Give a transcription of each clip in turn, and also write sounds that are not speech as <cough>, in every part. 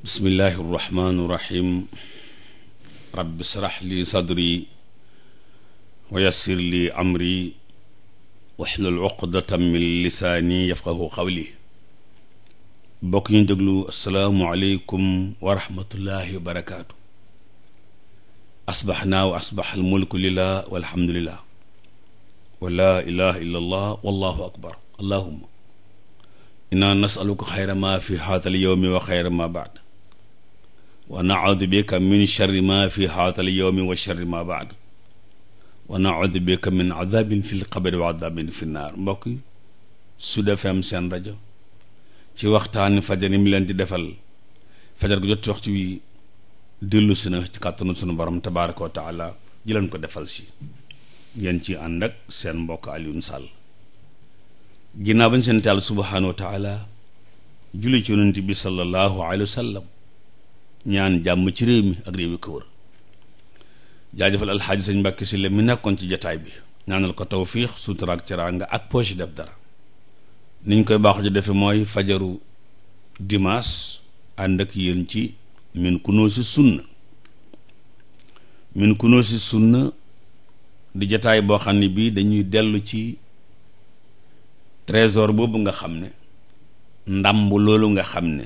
bismillahi irrahmani irrahim rabbi srax li sadri wa yassir li amri waxlul uqdatan min lisaani yafqahu qawli bokk ñu déglu asalaamualeykum wa rahmatullahi wa barakaatu asbaxnaa wa asbax almulku lillah walhamdulillah wa laa ilaha illa allah wallahu akbar allahuma inna nasaluka xayra ma fi haadal yowmi wa xayra ma baad wa naudu bika min sharri ma fi haatal yowmi wa sharri ma baad wa naudu bika min adabin fi lqabri wa adabin fi naar mbokk Sud FM seen rajo ci waxtaani fajar yi mi leen di defal fajar gu jot ci waxtu wi dellu si na ci kàttanu sunu borom tabaaraka wa taala ji leen ko defal si ngeen ci ànd ak seen mbokk Alioune Sall ginnaaw bañ seen taal subhaanahu wa taala julli ci yonent bi sallallahu alayhi wa sallam ñaan jàmm ci réew mi ak réew yi ko wër jaajëfal alxaaji sëñ Mbàkke si la mi nekkoon ci jataay bi ñaanal ko tawfiix sutura ak teraanga ak poche def dara niñ koy baaxu ji defe mooy fajaru dimaas ànd ak yéen ci min kunoo si sunna min kunoo si sunna di jataay boo xam ne bii dañuy dellu ci tresor boobu nga xam ne ndàmb loolu nga xam ne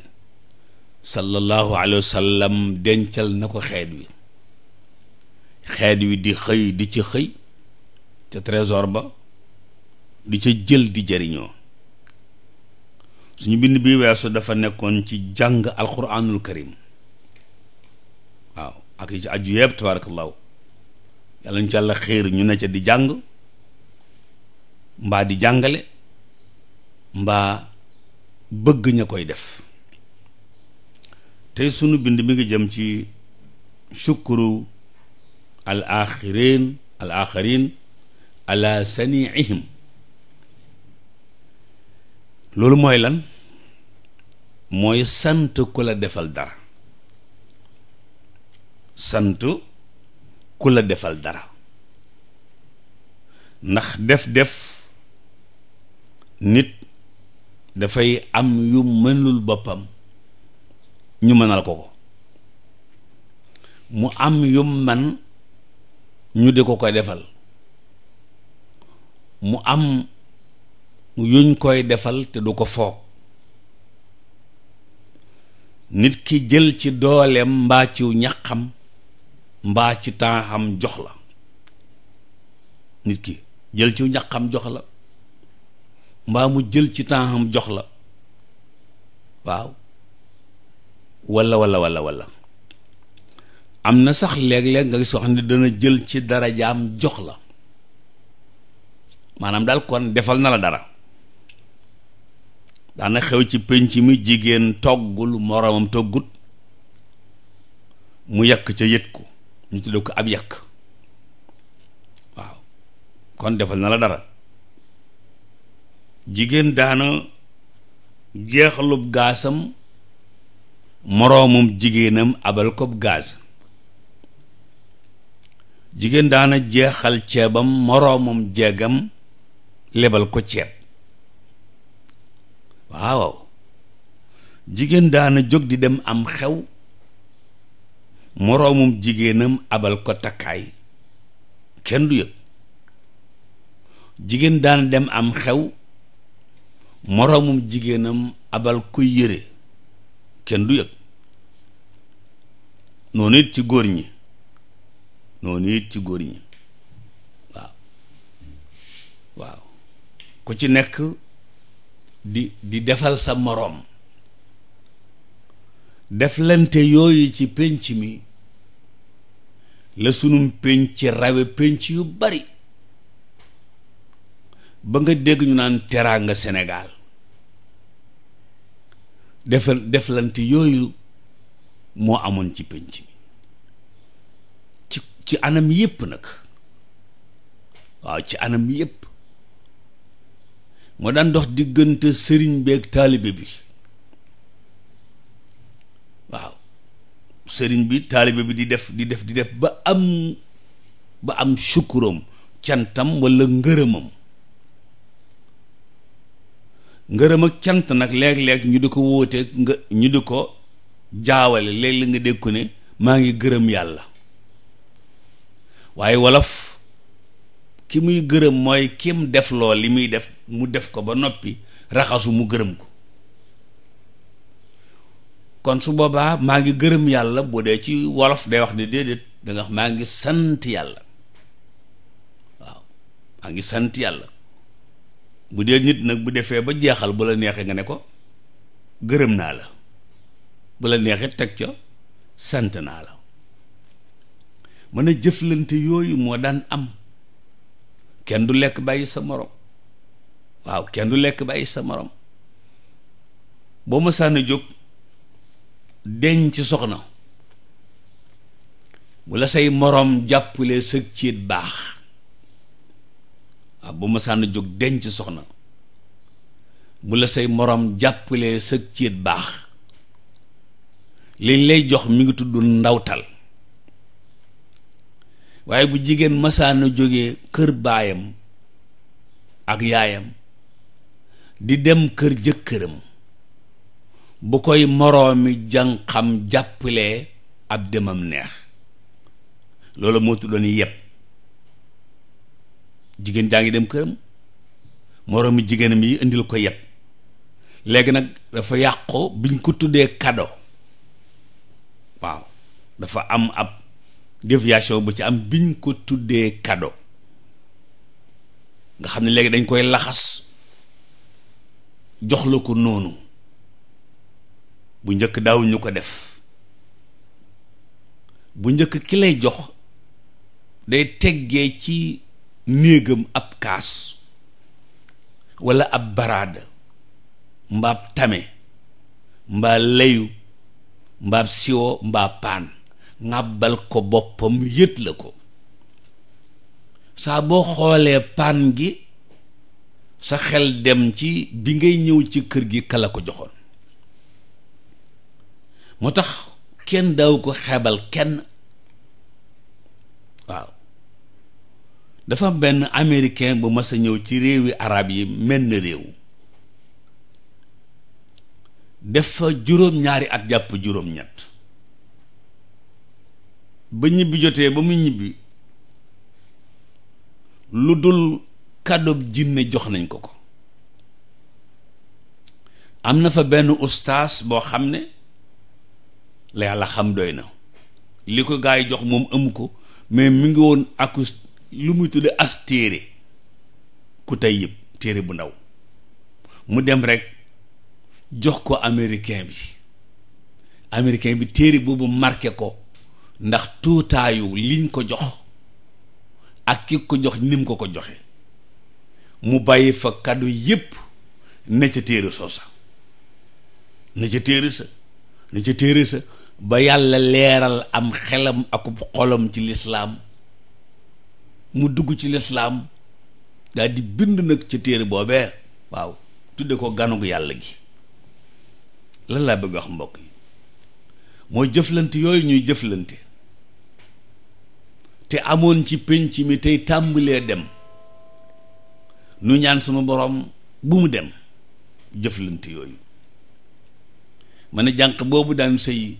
sallallahu alayhi wa sallam dencal na ko xeet wi xeet wi di xëy di ci xëy ca trésor ba di ca jël di jariñoo suñu bind bi weesu dafa nekkoon ci jàng alquranul karim waaw ak yi ci aju yëpp tabaarakallaahu yàlla ñu ci yàlla xéer ñu ne ca di jàng mbaa di jàngale mbaa bëgg ña koy def tey sunu bind mi ngi jëm ci shukru al axirin al axirin loolu mooy lan mooy sant ku la defal dara sant ku la defal dara ndax def-def nit dafay am yu mënul boppam ñu mënal ko ko mu am yum man ñu di ko koy defal mu am yuñ koy defal te du ko foog nit ki jël ci dooleem mbaa ciw ñaxam mbaa ci taaxam jox la nit ki jël ciw ñaxam jox la mbaa mu jël ci taaxam jox la waaw wala wala walla wala am na sax léeg-léeg nga gis soo xam ne dana jël ci darajaam jox la maanaam daal kon defal na la dara daana xew ci pénc mi jigéen toggul moroomam toggut mu yekk ca yët ko ñu tudde ko ab yàq waaw kon defal na la dara jigéen daana jeexalub gaasam moroomum jigéenam abal ko gaz jigéen daana jeexal ceebam moroomum jeegam lebal ko ceeb waaw jigéen daana jóg di dem am xew moroomum jigéenam abal ko takkaay kenn du yëg jigéen daan dem am xew moroomum jigéenam abal ko yére kenn du yëg noonu it ci góor ñi noonu it ci góor ñi waaw waaw ku ci nekk di di defal sa moroom deflante yooyu ci pénc mi la sunum pénc rawe pénc yu bari ba nga dégg ñu naan teraanga Sénégal defal deflante yooyu moo amoon ci pénc mi ci ci anam yépp nag waaw ci anam yépp moo daan dox diggante sëriñ bi ak taalibe bi waaw sëriñ bi taalibe bi di def di def di def ba am ba am sukkuram cantam walla ngërëmam ngërëm ak cant nag léeg-léeg ñu di ko wóoteeg nga ñu di ko jaawale léeg-léeg nga dégg ko ne maa ngi gërëm yàlla waaye wolof ki muy gërëm mooy kem def loo li muy def mu def ko ba noppi raxasu mu gërëm ko kon su boobaa maa ngi gërëm yàlla boo dee ci wolof day wax ne déedéet da nga maa ngi sant yàlla waaw maa ngi sant yàlla bu dee nit nag bu defee ba jeexal bu la neexee nga ne ko gërëm naa la bu la neexee teg ca sant naa la mën a jëflante yooyu moo daan am kenn du lekk bàyyi sa morom waaw kenn du lekk bàyyi sa morom boo ma sànn jóg deñ ci soxna bu la say morom jàppalee sa ciit baax waaw bu ma jóg denc soxna bu la say morom jàppalee sa céet baax liñ lay jox mi ngi tudd ndawtal waaye bu jigéen masaana jógee kër baayam ak yaayam di dem kër jëkkëram bu koy moroomi jànqam jàppalee ab demam neex loolu moo tuddoon yépp jigéen jaa ngi dem këram moroomi jigéenam yi indil ko yet léegi nag dafa yàqu biñ ko tuddee kado waaw dafa am ab déviation bu ci am biñ ko tuddee kado nga xam ne léegi dañ koy laxas jox la ko noonu bu njëkk daawuñu ko def bu njëkk ki lay jox day teggee ci néegam ab kaas walla ab baraada mbaab tame mbaa layu mbaab siwo mbaa paan ngàbbal ko boppam yët la ko saa boo xoolee paan gi sa xel dem ci bi ngay ñëw ci kër gi kala ko joxoon moo tax kenn daw ko xebal kenn waaw dafa am benn américain bu mas a ñëw ci réewi araab yi mel na réew dafa juróom-ñaari at jàpp juróom-ñett ba ñibbi jotee ba mu ñibbi lu dul kàddob jinne jox nañ ko ko am na fa benn ostaas boo xam ne la xam doy na li ko gaa yi jox moom amu ko mais mi ngi woon akus lu muy tudde as téere ku tey yëpp téere bu ndaw mu dem rekk jox ko américain bi américain bi téere boobu marqué ko ndax tuutaayu liñ ko jox ak ki ko jox nim ko ko joxe mu bàyyi fa kàddu yépp ne ca téere soosa ne ca téere sa ne ca téere sa ba yàlla leeral am xelam akub xolom ci lislaam mu dugg ci lislaam daal di bind nag ci téere boobee waaw tudde ko ganug yàlla gi lan laa bëgg wax mbokk yi mooy jëflante yooyu ñuy jëflante te amoon ci pénc mi tey tàmbalee dem nu ñaan suma boroom bu mu dem jëflante yooyu ma ne jànq boobu daan sëy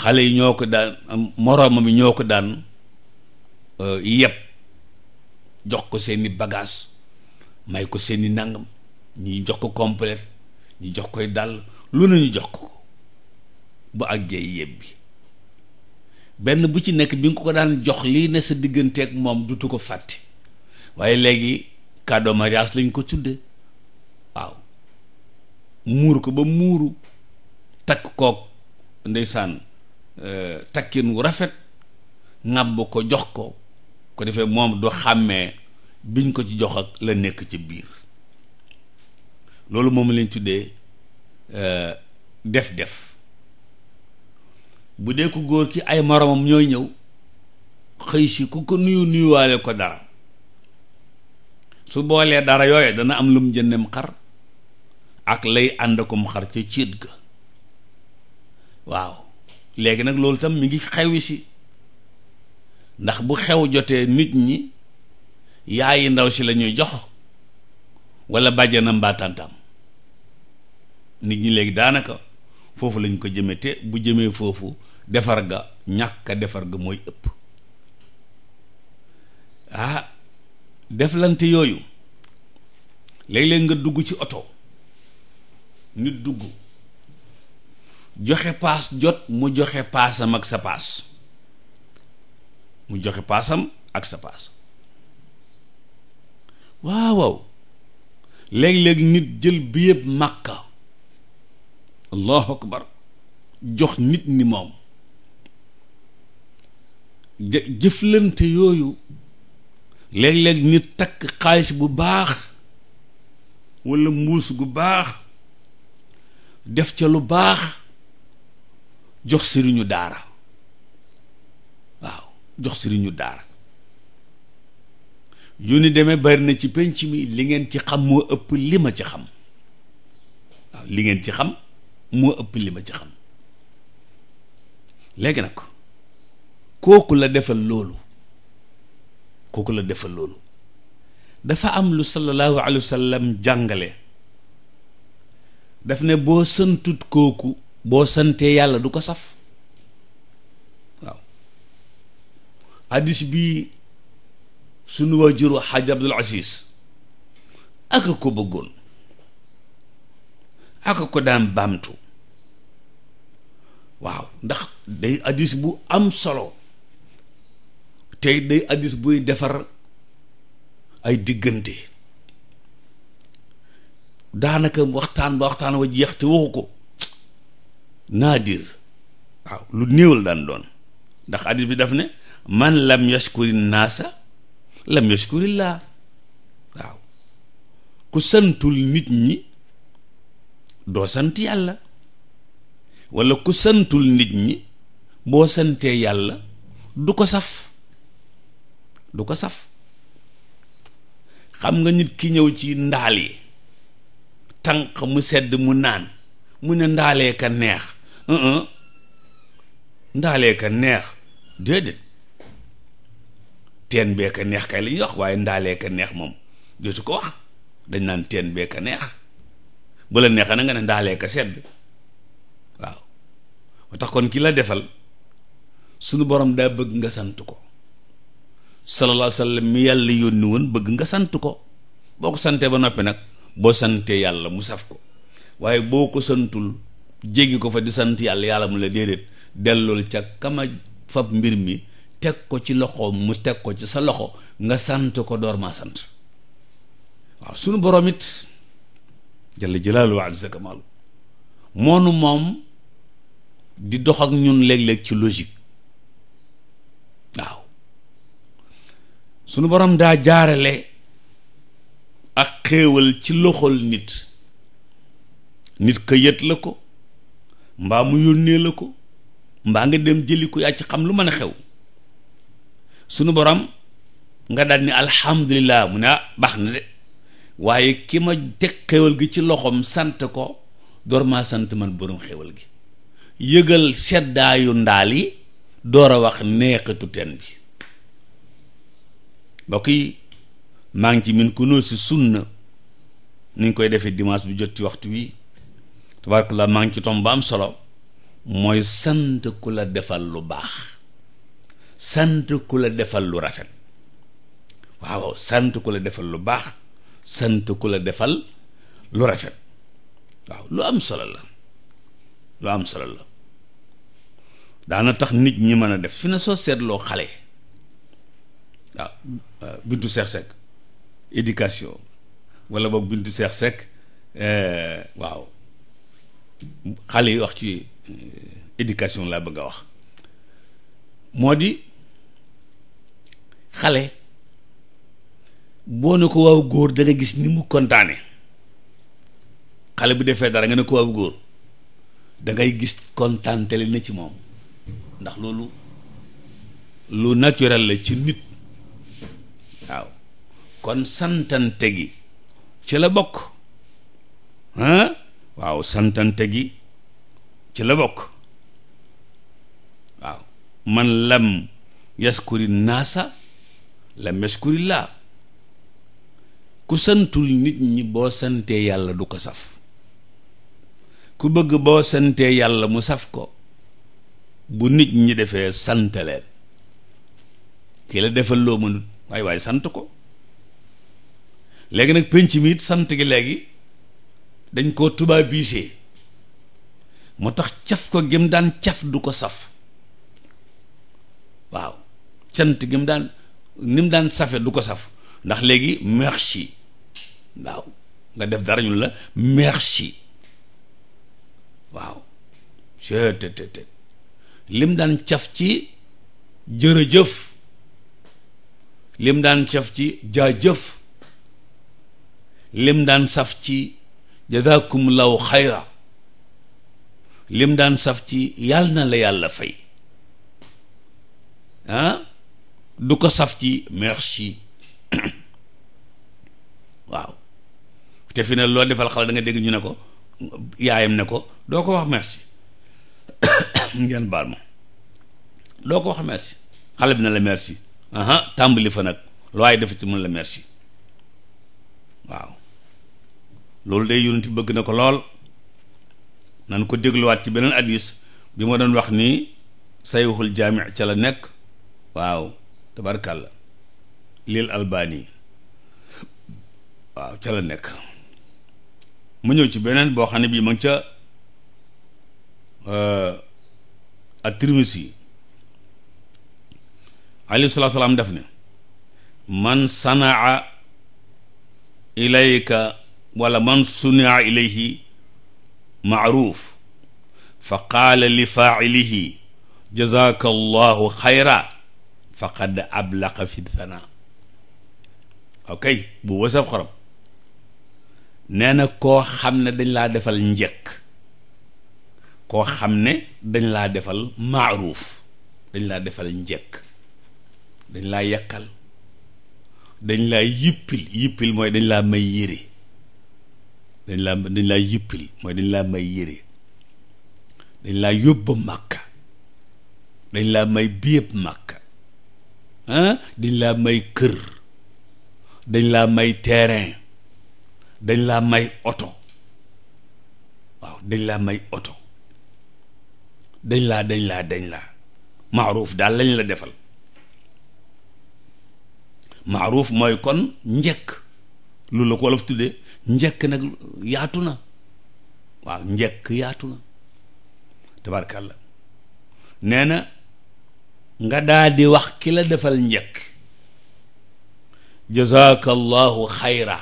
xale yi ñoo ko daan moroomam yi ñoo ko daan Euh, yëpp jox ko seeni bagaas may ko seeni nangam ñi jox ko complète ñu jox koy dàll lu ne ñu jox ko bu àggee yëpp bi benn bu ci nekk bi nga ko daan jox lii ne sa digganteeg moom dutu ko fàtte waaye léegi cadeau mariage lañ ko tudde waaw muur ko ba muuru takk kook ndeysaan euh, takkin wu rafet ŋàbb ko jox ko ko defee moom du xàmmee biñ ko ci jox ak la nekk ci biir loolu moom lañ tuddee euh, def-def bu dee ku góor ki ay moromam ñooy ñëw xëy si ku ko nuyu nuyuwaale ko dara su boolee dara yooye dana am lu mu jëndem xar ak lay ànd akum xar ca ciit ga waaw léegi nag loolu tam mi ngi xewi si ndax bu xew jotee nit ñi yaayi ndaw si lañuy ñuy jox wala bàjjanam mbaatantam nit ñi léegi daanaka foofu lañ ko jëmee te bu jëmee foofu defar ga ñàkk defar ga mooy ëpp ah deflante yooyu léeg-léeg nga dugg ci oto nit dugg joxe paas jot mu joxe paasam ak sa paas mu joxe paasam ak sa paas waaw waaw léeg nit jël billet màkka allahu akbar jox nit ni moom jëflante yooyu léeg-léeg nit takk xaalis bu baax walla mbuus gu baax def ca lu baax jox sëriñu daara jox sëriñu daara yu ni demee bari na ci pénc mi li ngeen ci xam moo ëpp li ma ci xam waaw li ngeen ci xam moo ëpp li ma ci xam léegi nag kooku la defal loolu kooku la defal loolu dafa am lu sallallahu alayhi wa jàngale daf ne boo santut kooku boo santee yàlla du ko saf hadis bi sunu waajur xaaj Abdul Aziz aka ko bëggoon aka ko daan baamtu waaw ndax day hadis bu am solo tey day hadis buy defar ay diggante daanaka waxtaan ba waxtaan wa jeex te waxu ko naadir waaw lu néewal daan doon ndax hadis bi daf ne man lam yashkuri naasa lam yashkuri laa waaw ku santul nit ñi doo sant yàlla walla ku sëntul nit ñi boo santee yàlla du ko saf du ko saf xam nga nit ki ñëw ci ndaal yi tànq mu sedd mu naan mu ne ndaalee ka neex ndaalee ka neex déedéet teen bee neex kay la ñuy wax waaye ndaalee ka neex moom dootu ko wax dañ naan teen bee ka neex bu la neexee na nga ne ndaalee ka sedd waaw moo tax kon kii la defal sunu borom daa bëgg nga sant ko sallallahu alayhi wa sallam mi yàlla yónni woon bëgg nga sant ko boo ko santee ba noppi nag boo santee yàlla mu saf ko waaye boo ko santul jéggi ko fa di sant yàlla yàlla mu la déedéet dellul ca kama fab mbir mi teg ko ci loxoom mu teg ko ci sa loxo nga sant ko door maa sant waaw sunu borom it jalla jalaaluhu azza kamaalu moonu moom di dox ak ñun léeg-léeg ci logique waaw sunu borom daa jaarale ak xéewal ci loxol nit nit ka yët la ko mbaa mu yónnee la ko mbaa nga dem jëli ko yaa ci xam lu mën a xew sunu borom nga daal ni alhamdulilah mu ne ah baax na de waaye ki ma teg xéwal gi ci loxoom sant ko door maa sant man borom xéwal gi yëgal seddaayu ndaal yi door a wax neexatu teen bi mbokk yi maa ngi ci min ku noo si sunna ni ñu koy defee dimanche bu jot ci waxtu wi tabaarkalla maa ngi ci tom ba am solo mooy sant ku la defal lu baax sant ku la defal lu rafet waaw sant ku la defal lu baax sant ku la defal lu rafet waaw lu am solo la lu am solo la daana tax nit ñi mën a def fi na soo seetloo xale waaw euh, bintu seex sekk éducation wala boog bintu seex sekk euh, waaw xale yi wax ci euh, éducation laa bëgg a wax moo di xale boo ne ko waaw góor da gis ni mu kontaane xale bu defee dara nga ne ko waaw góor da ngay gis kontaante na ci moom ndax loolu lu naturel la ci nit waaw kon santante gi ci la bokk waaw santante gi ci la bokk waaw man lam yaskuri naasa la meskurilah ku santul nit ñi boo santee yàlla du ko saf ku bëgg boo santee yàlla mu saf ko bu nit ñi defee sant leen la defal loo mënut waay waay sant ko léegi nag pénc mi it sant gi léegi dañ koo tubaabiisee moo tax caf ko gém daan caf du ko saf waaw cant gém daan lim daan safe du ko saf ndax léegi merci waaw nga def dara ñu la merci waaw cettt lim daan caf ci jërëjëf lim daan caf ci jaajëf lim daan saf ci jazakum law xayra lim daan saf ci yàlla na la yàlla fay ah du ko saf ci merci <coughs> waaw te fi ne loo defal xale da dégg ñu ne ko yaayam ne ko doo ko wax merci <coughs> ngeen baal ma doo ko wax merci xale bi na la merci aha tàmbali fa nag waaye def ci mën merci waaw loolu day yonent bëgg na ko lool nan ko dégluwaat ci beneen hadiis bi ma doon wax ni sayxul jaami ca la nekk waaw tabarkàlla lil albani waaw ca la nekk mu ñëw ci beneen boo xam ne bii ma ngi ca euh, at tirmisi alayhi salaatu salaam def ne man sanaa ilayka wala man sunaa ilayhi maaruf fa qaala li faa'ilihi jazaaka allahu xayra faqad ablaqa fi thana ok bu wësab xorom nee na koo xam ne dañ laa defal njekk koo xam ne dañ laa defal maaruuf dañ laa defal njekk dañ laa yàkkal dañ laa yippil yippil mooy dañ laa may yére dañ laa dañ laa yippil mooy dañ laa may yére dañ laa yóbbu màkka dañ laa may biyëb màkka dañ laa may kër dañ laa may terrain dañ laa may oto waaw dañ laa may oto dañ laa dañ laa dañ laa maaruuf daal lañ la defal maaruuf mooy kon njëkk lu la ko wolof tuddee njëkk nag yaatu na waaw njëkk yaatu na tabarkàlla nee na nga daal di wax ki la defal njëkk jazaakallahu xayra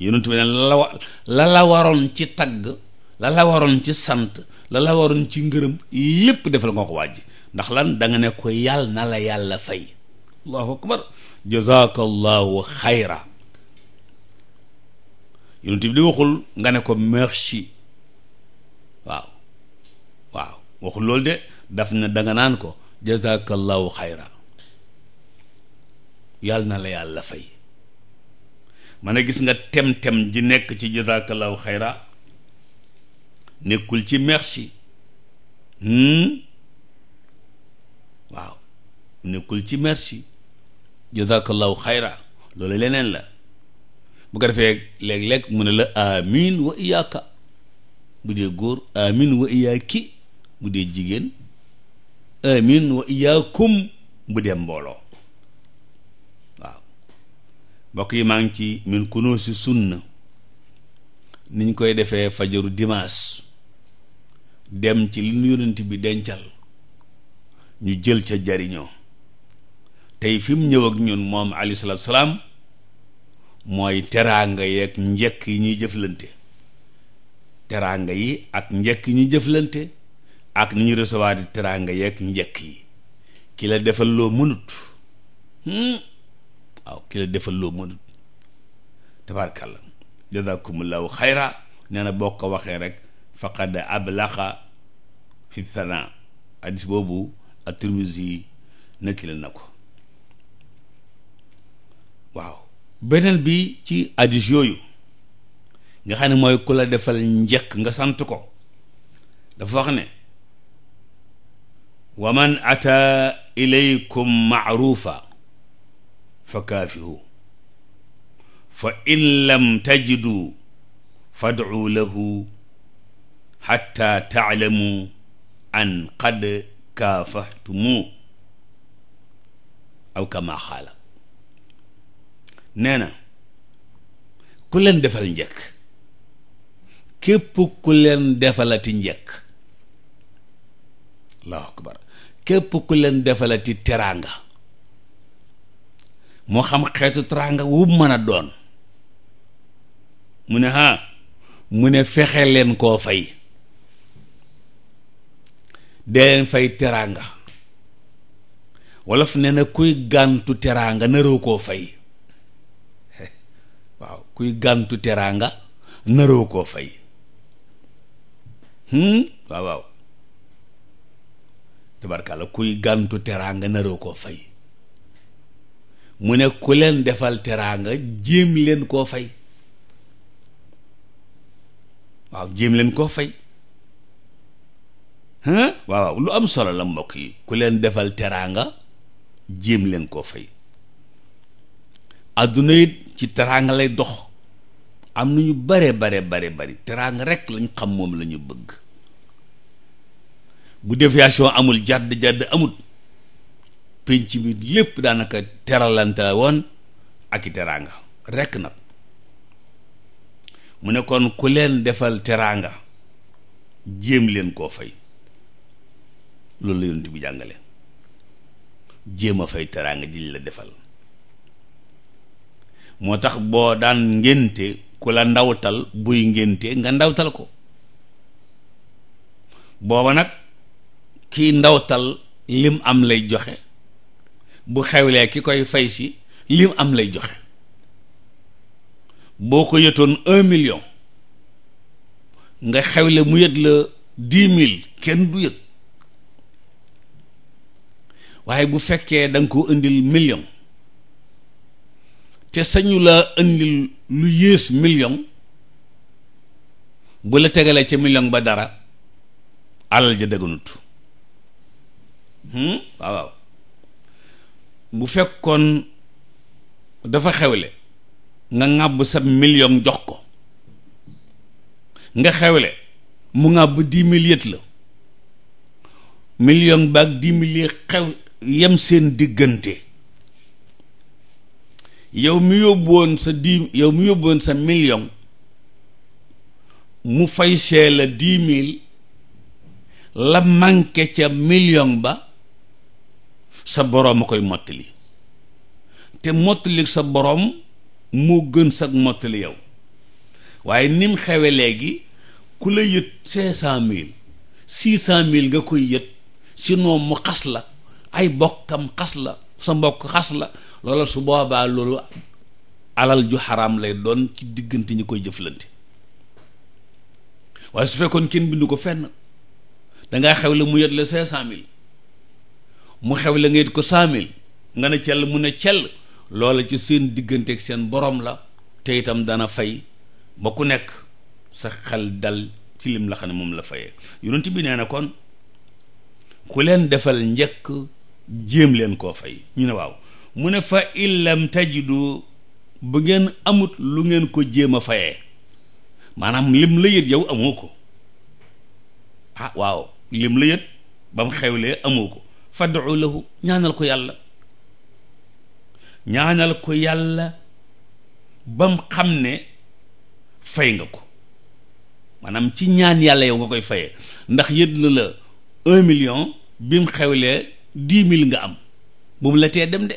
yonent bi ne la la la la waroon ci tagg la la waroon ci sant la la waroon ci ngërëm lépp defal nga ko wàjj ndax lan danga nga ne ko yàll na la yàlla fay allahu akbar jazaakallahu xayra yonent bi di waxul nga ne ko merci waaw waaw waxul loolu de daf na danga naan ko jazakallahu xayra yàlla na la yàlla fay man a gis nga tem-tem ji nekk ci jazakallahu xayra nekkul ci merci hmm? waaw nekkul ci merci jazakallahu xayra loolu leneen la bu ko defee léeg-léeg mu ne la amin wa iyaaka bu dee góor amin wa iyaaki bu dee jigéen amin wa iyaakum bu dem mbooloo waaw mbokk yi maa ngi ci min kunoo si sunna niñ koy defee fajaru dimaas dem ci li nu yonent bi dencal ñu jël ca jariñoo tey fi mu ñëw ak ñun moom alayhi salaam mooy teraanga yi ak njëkk yi ñuy jëflante teraanga yi ak njëkk yi ñuy jëflante ak ni ñu recevoir di teraanga yeeg njëkk yi ki la defal loo mënut hmm? waaw ki la defal loo mënut tabaarkalla jazakumullahu xayra nee na boo ko waxee rek faqad ablaxa fi sana hadis boobu ak Tirmisi nekk la na ko waaw beneen bi ci hadis yooyu nga xam ne mooy ku la defal njëkk nga sant ko dafa wax ne wa man ataa ilaykum maaruufa fa kaafihu fa in lam tajidu fad'u lahu xatta taalamu an qad kaafaxtumu aw kama xaala nee na ku leen defal njëkk képp ku leen defalati njëkk allahu akbar képp ku leen defalati teraanga moo xam xeetu teraanga wu mën a doon mu ne ha mu ne fexe leen koo fay dee leen fay teraanga wolof nee na kuy gàntu teraanga naroo koo fay <laughs> waaw kuy gàntu teraanga naroo koo fay hmm? waaw waaw tabarkalla kuy gantu teraanga naroo koo fay mu ne ku leen defal teraanga jéem leen koo fay waaw leen koo fay waaw lu am solo la mbokk yi ku leen defal teraanga jéem leen koo fay àdduna it ci teraanga lay dox am na ñu bare bare bare bari teraanga rek lañ xam moom lañu bëgg bu déviation amul jàdd jàdd amut penc mi lépp daanaka teralante woon ak i teraanga rekk nag mu ne kon ku leen defal teraanga jéem leen koo fay loolu la yonent bi jàngale jéem a fay teraanga jiñ la defal moo tax boo daan ngénte ku la ndawtal buy ngénte nga ndawtal ko booba nag kiy ndawtal lim am lay joxe bu xewlee ki koy fay si lim am lay joxe boo ko yëtoon un million nga xewle mu yët la dix mille kenn du yëg waaye bu fekkee danga nga ko indil million te sañu laa indil lu yées million bu la tegalee ca million ba dara alal ja dëgganut Hmm? waaw waaw bu fekkoon dafa xewle nga ŋàbb sa million jox ko nga xewle mu ŋàbb dix milliers la million baag dix milliers xew yem seen diggante yow mi yóbbu sa dix yow mi yóbbu sa million mu fay see la dix la manqué ca million ba sa boroom a koy mottali te mottali sa boroom moo gën sa mottali yow waaye ni mu xewe léegi ku la yët cinq cent mille six nga koy yët sinon mu xas la ay bokkam xas la sa mbokk xas la loola su boobaa loolu alal ju xaram lay doon ci diggante ñu koy jëflante waaye su fekkoon kenn bindu ko fenn dangay xew la mu yët la cinq cent mu xew la ngeen ko saamil nga ne cell mu ne cell loola ci seen digganteeg seen boroom la te itam dana fay ba ku nekk sa xel dal ci lim la xam ne moom la fayee yonent bi nee ne kon ku leen defal njëkk jéem leen koo fay ñu ne waaw mu ne fa illam du bu ngeen amut lu ngeen ko jéem a fayee maanaam lim la yët yow amu ko ah waaw lim la yët ba mu xewlee amu ko fad'u lahu ñaanal ko yàlla ñaanal ko yàlla bam xam ne fay nga ko maanaam ci ñaan yàlla yow nga koy fayee ndax yëdd na la un million bi mu xewlee dix mill nga am bu mu la tee dem de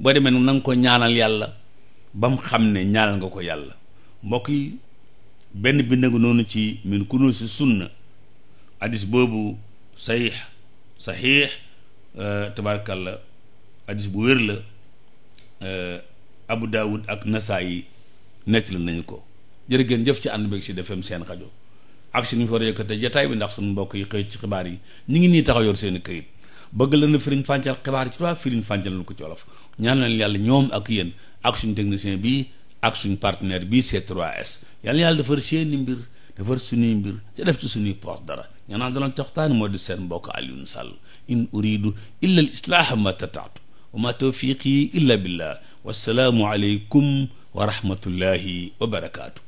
boo demee nag ko ñaanal yàlla ba mu xam ne ñaanal nga ko yàlla mbokk yi benn bind nga noonu ci min kunuusi sunna hadis boobu sayih saxiix eh, la hadis bu wér la eh, Abu Daawud ak yi nekk nettali nañu ko jër ngeen jëf ci ànd beeg Sud FM seen rajo ak suñu fa te jataay bi ndax suñu mbokk yi xëy ci xibaar yi ñu ngi nii taxaw yor seeni i këyit bëgg la na firiñ fàncal xibaar ci tubaab firiñ fàncal lañu ko ci olof ñaan leen yàlla ñoom ak yéen ak suñu technicien bii ak suñu partenaire bii C3S yàlla yàlla defar seeni mbir defar suñuy mbir te def ci suñuy poos dara ña naan daloon taxtaan moo di seen mbokk Alioune Sall in uridu illa al islaaha ma tataatu wa ma tawfiqi illa billah wassalaamu aleykum wa rahmatullahi wa barakaatu